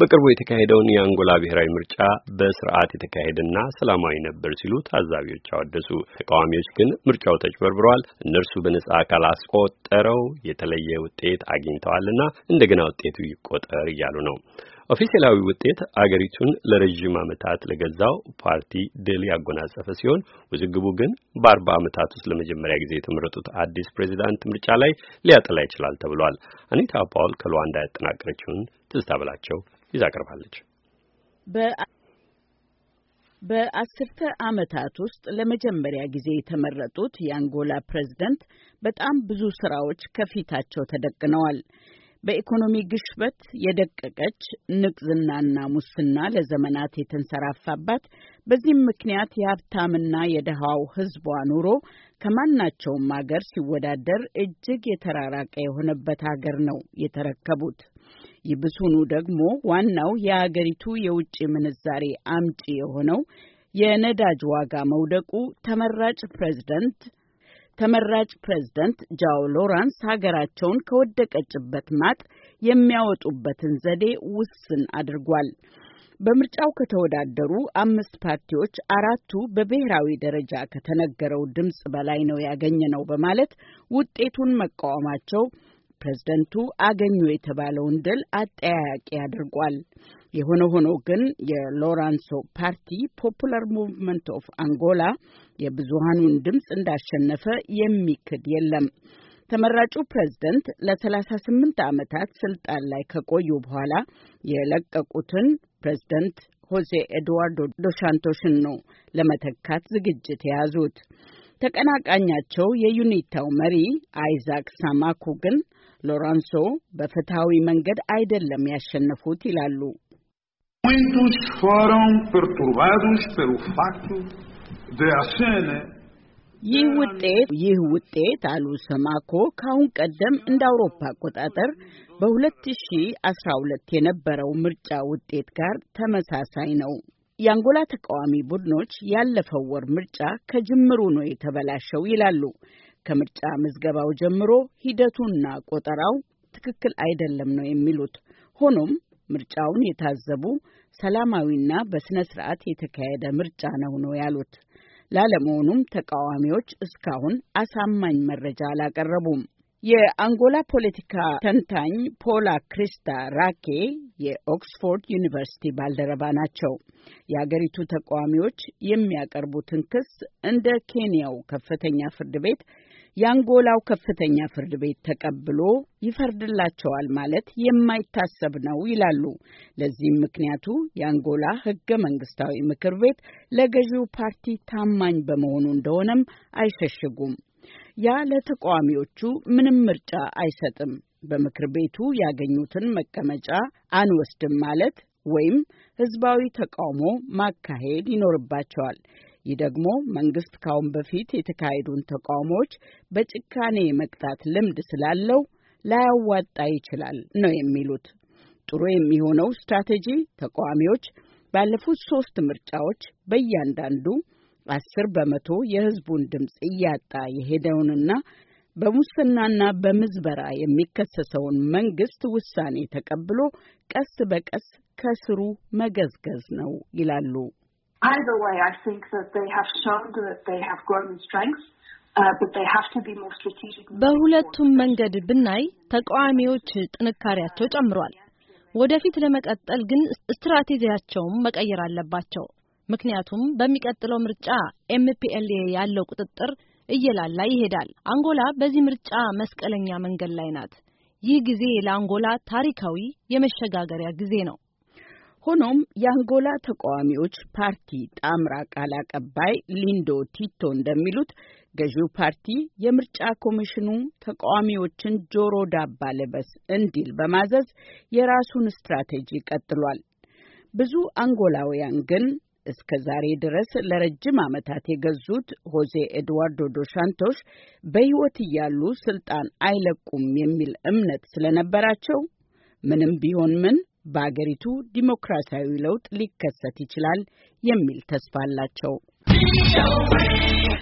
በቅርቡ የተካሄደውን የአንጎላ ብሔራዊ ምርጫ በስርዓት የተካሄደና ሰላማዊ ነበር ሲሉ ታዛቢዎች አወደሱ። ተቃዋሚዎች ግን ምርጫው ተጭበርብረዋል፣ እነርሱ በነጻ አካል አስቆጠረው የተለየ ውጤት አግኝተዋልና እንደገና ውጤቱ ይቆጠር እያሉ ነው። ኦፊሴላዊ ውጤት አገሪቱን ለረዥም ዓመታት ለገዛው ፓርቲ ድል ያጎናጸፈ ሲሆን ውዝግቡ ግን በአርባ ዓመታት ውስጥ ለመጀመሪያ ጊዜ የተመረጡት አዲስ ፕሬዚዳንት ምርጫ ላይ ሊያጠላ ይችላል ተብሏል። አኒታ ፓውል ከሉዋንዳ ያጠናቀረችውን ትዝታ ብላቸው ይዛ ቀርባለች። በአስርተ ዓመታት ውስጥ ለመጀመሪያ ጊዜ የተመረጡት የአንጎላ ፕሬዝደንት በጣም ብዙ ስራዎች ከፊታቸው ተደቅነዋል። በኢኮኖሚ ግሽበት የደቀቀች ንቅዝናና ሙስና ለዘመናት የተንሰራፋባት በዚህም ምክንያት የሀብታምና የደሃው ሕዝቧ ኑሮ ከማናቸውም አገር ሲወዳደር እጅግ የተራራቀ የሆነበት አገር ነው የተረከቡት። ይብሱኑ ደግሞ ዋናው የአገሪቱ የውጭ ምንዛሬ አምጪ የሆነው የነዳጅ ዋጋ መውደቁ ተመራጭ ፕሬዝደንት ተመራጭ ፕሬዝደንት ጃው ሎራንስ ሀገራቸውን ከወደቀችበት ማጥ የሚያወጡበትን ዘዴ ውስን አድርጓል። በምርጫው ከተወዳደሩ አምስት ፓርቲዎች አራቱ በብሔራዊ ደረጃ ከተነገረው ድምፅ በላይ ነው ያገኘ ነው በማለት ውጤቱን መቃወማቸው ፕሬዝደንቱ አገኙ የተባለውን ድል አጠያያቂ አድርጓል። የሆነ ሆኖ ግን የሎራንሶ ፓርቲ ፖፑላር ሙቭመንት ኦፍ አንጎላ የብዙሃኑን ድምፅ እንዳሸነፈ የሚክድ የለም። ተመራጩ ፕሬዝደንት ለ38 ዓመታት ስልጣን ላይ ከቆዩ በኋላ የለቀቁትን ፕሬዝደንት ሆሴ ኤድዋርዶ ዶሻንቶሽን ነው ለመተካት ዝግጅት የያዙት። ተቀናቃኛቸው የዩኒታው መሪ አይዛክ ሳማኩ ግን ሎራንሶ በፍትሐዊ መንገድ አይደለም ያሸነፉት ይላሉ። ይህ ውጤት ይህ ውጤት አሉ ሰማኮ ከአሁን ቀደም እንደ አውሮፓ አቆጣጠር በ2012 የነበረው ምርጫ ውጤት ጋር ተመሳሳይ ነው። የአንጎላ ተቃዋሚ ቡድኖች ያለፈው ወር ምርጫ ከጅምሩ ነው የተበላሸው ይላሉ። ከምርጫ ምዝገባው ጀምሮ ሂደቱና ቆጠራው ትክክል አይደለም ነው የሚሉት። ሆኖም ምርጫውን የታዘቡ ሰላማዊና በሥነ ሥርዓት የተካሄደ ምርጫ ነው ነው ያሉት። ላለመሆኑም ተቃዋሚዎች እስካሁን አሳማኝ መረጃ አላቀረቡም። የአንጎላ ፖለቲካ ተንታኝ ፖላ ክሪስታ ራኬ የኦክስፎርድ ዩኒቨርሲቲ ባልደረባ ናቸው። የአገሪቱ ተቃዋሚዎች የሚያቀርቡትን ክስ እንደ ኬንያው ከፍተኛ ፍርድ ቤት የአንጎላው ከፍተኛ ፍርድ ቤት ተቀብሎ ይፈርድላቸዋል ማለት የማይታሰብ ነው ይላሉ። ለዚህም ምክንያቱ የአንጎላ ህገ መንግስታዊ ምክር ቤት ለገዢው ፓርቲ ታማኝ በመሆኑ እንደሆነም አይሸሽጉም። ያ ለተቃዋሚዎቹ ምንም ምርጫ አይሰጥም። በምክር ቤቱ ያገኙትን መቀመጫ አንወስድም ማለት ወይም ህዝባዊ ተቃውሞ ማካሄድ ይኖርባቸዋል። ይህ ደግሞ መንግስት ካሁን በፊት የተካሄዱን ተቃውሞዎች በጭካኔ መቅጣት ልምድ ስላለው ላያዋጣ ይችላል ነው የሚሉት። ጥሩ የሚሆነው ስትራቴጂ ተቃዋሚዎች ባለፉት ሶስት ምርጫዎች በእያንዳንዱ አስር በመቶ የህዝቡን ድምፅ እያጣ የሄደውንና በሙስናና በምዝበራ የሚከሰሰውን መንግስት ውሳኔ ተቀብሎ ቀስ በቀስ ከስሩ መገዝገዝ ነው ይላሉ። Either way, I think that they have shown that they have grown in strength. Uh, በሁለቱም መንገድ ብናይ ተቃዋሚዎች ጥንካሬያቸው ጨምሯል። ወደፊት ለመቀጠል ግን ስትራቴጂያቸውን መቀየር አለባቸው። ምክንያቱም በሚቀጥለው ምርጫ ኤምፒኤልኤ ያለው ቁጥጥር እየላላ ይሄዳል። አንጎላ በዚህ ምርጫ መስቀለኛ መንገድ ላይ ናት። ይህ ጊዜ ለአንጎላ ታሪካዊ የመሸጋገሪያ ጊዜ ነው። ሆኖም የአንጎላ ተቃዋሚዎች ፓርቲ ጣምራ ቃል አቀባይ ሊንዶ ቲቶ እንደሚሉት ገዢው ፓርቲ የምርጫ ኮሚሽኑ ተቃዋሚዎችን ጆሮ ዳባ ልበስ እንዲል በማዘዝ የራሱን ስትራቴጂ ቀጥሏል። ብዙ አንጎላውያን ግን እስከ ዛሬ ድረስ ለረጅም ዓመታት የገዙት ሆዜ ኤድዋርዶ ዶ ሳንቶሽ በሕይወት እያሉ ስልጣን አይለቁም የሚል እምነት ስለነበራቸው ምንም ቢሆን ምን በአገሪቱ ዲሞክራሲያዊ ለውጥ ሊከሰት ይችላል የሚል ተስፋ አላቸው።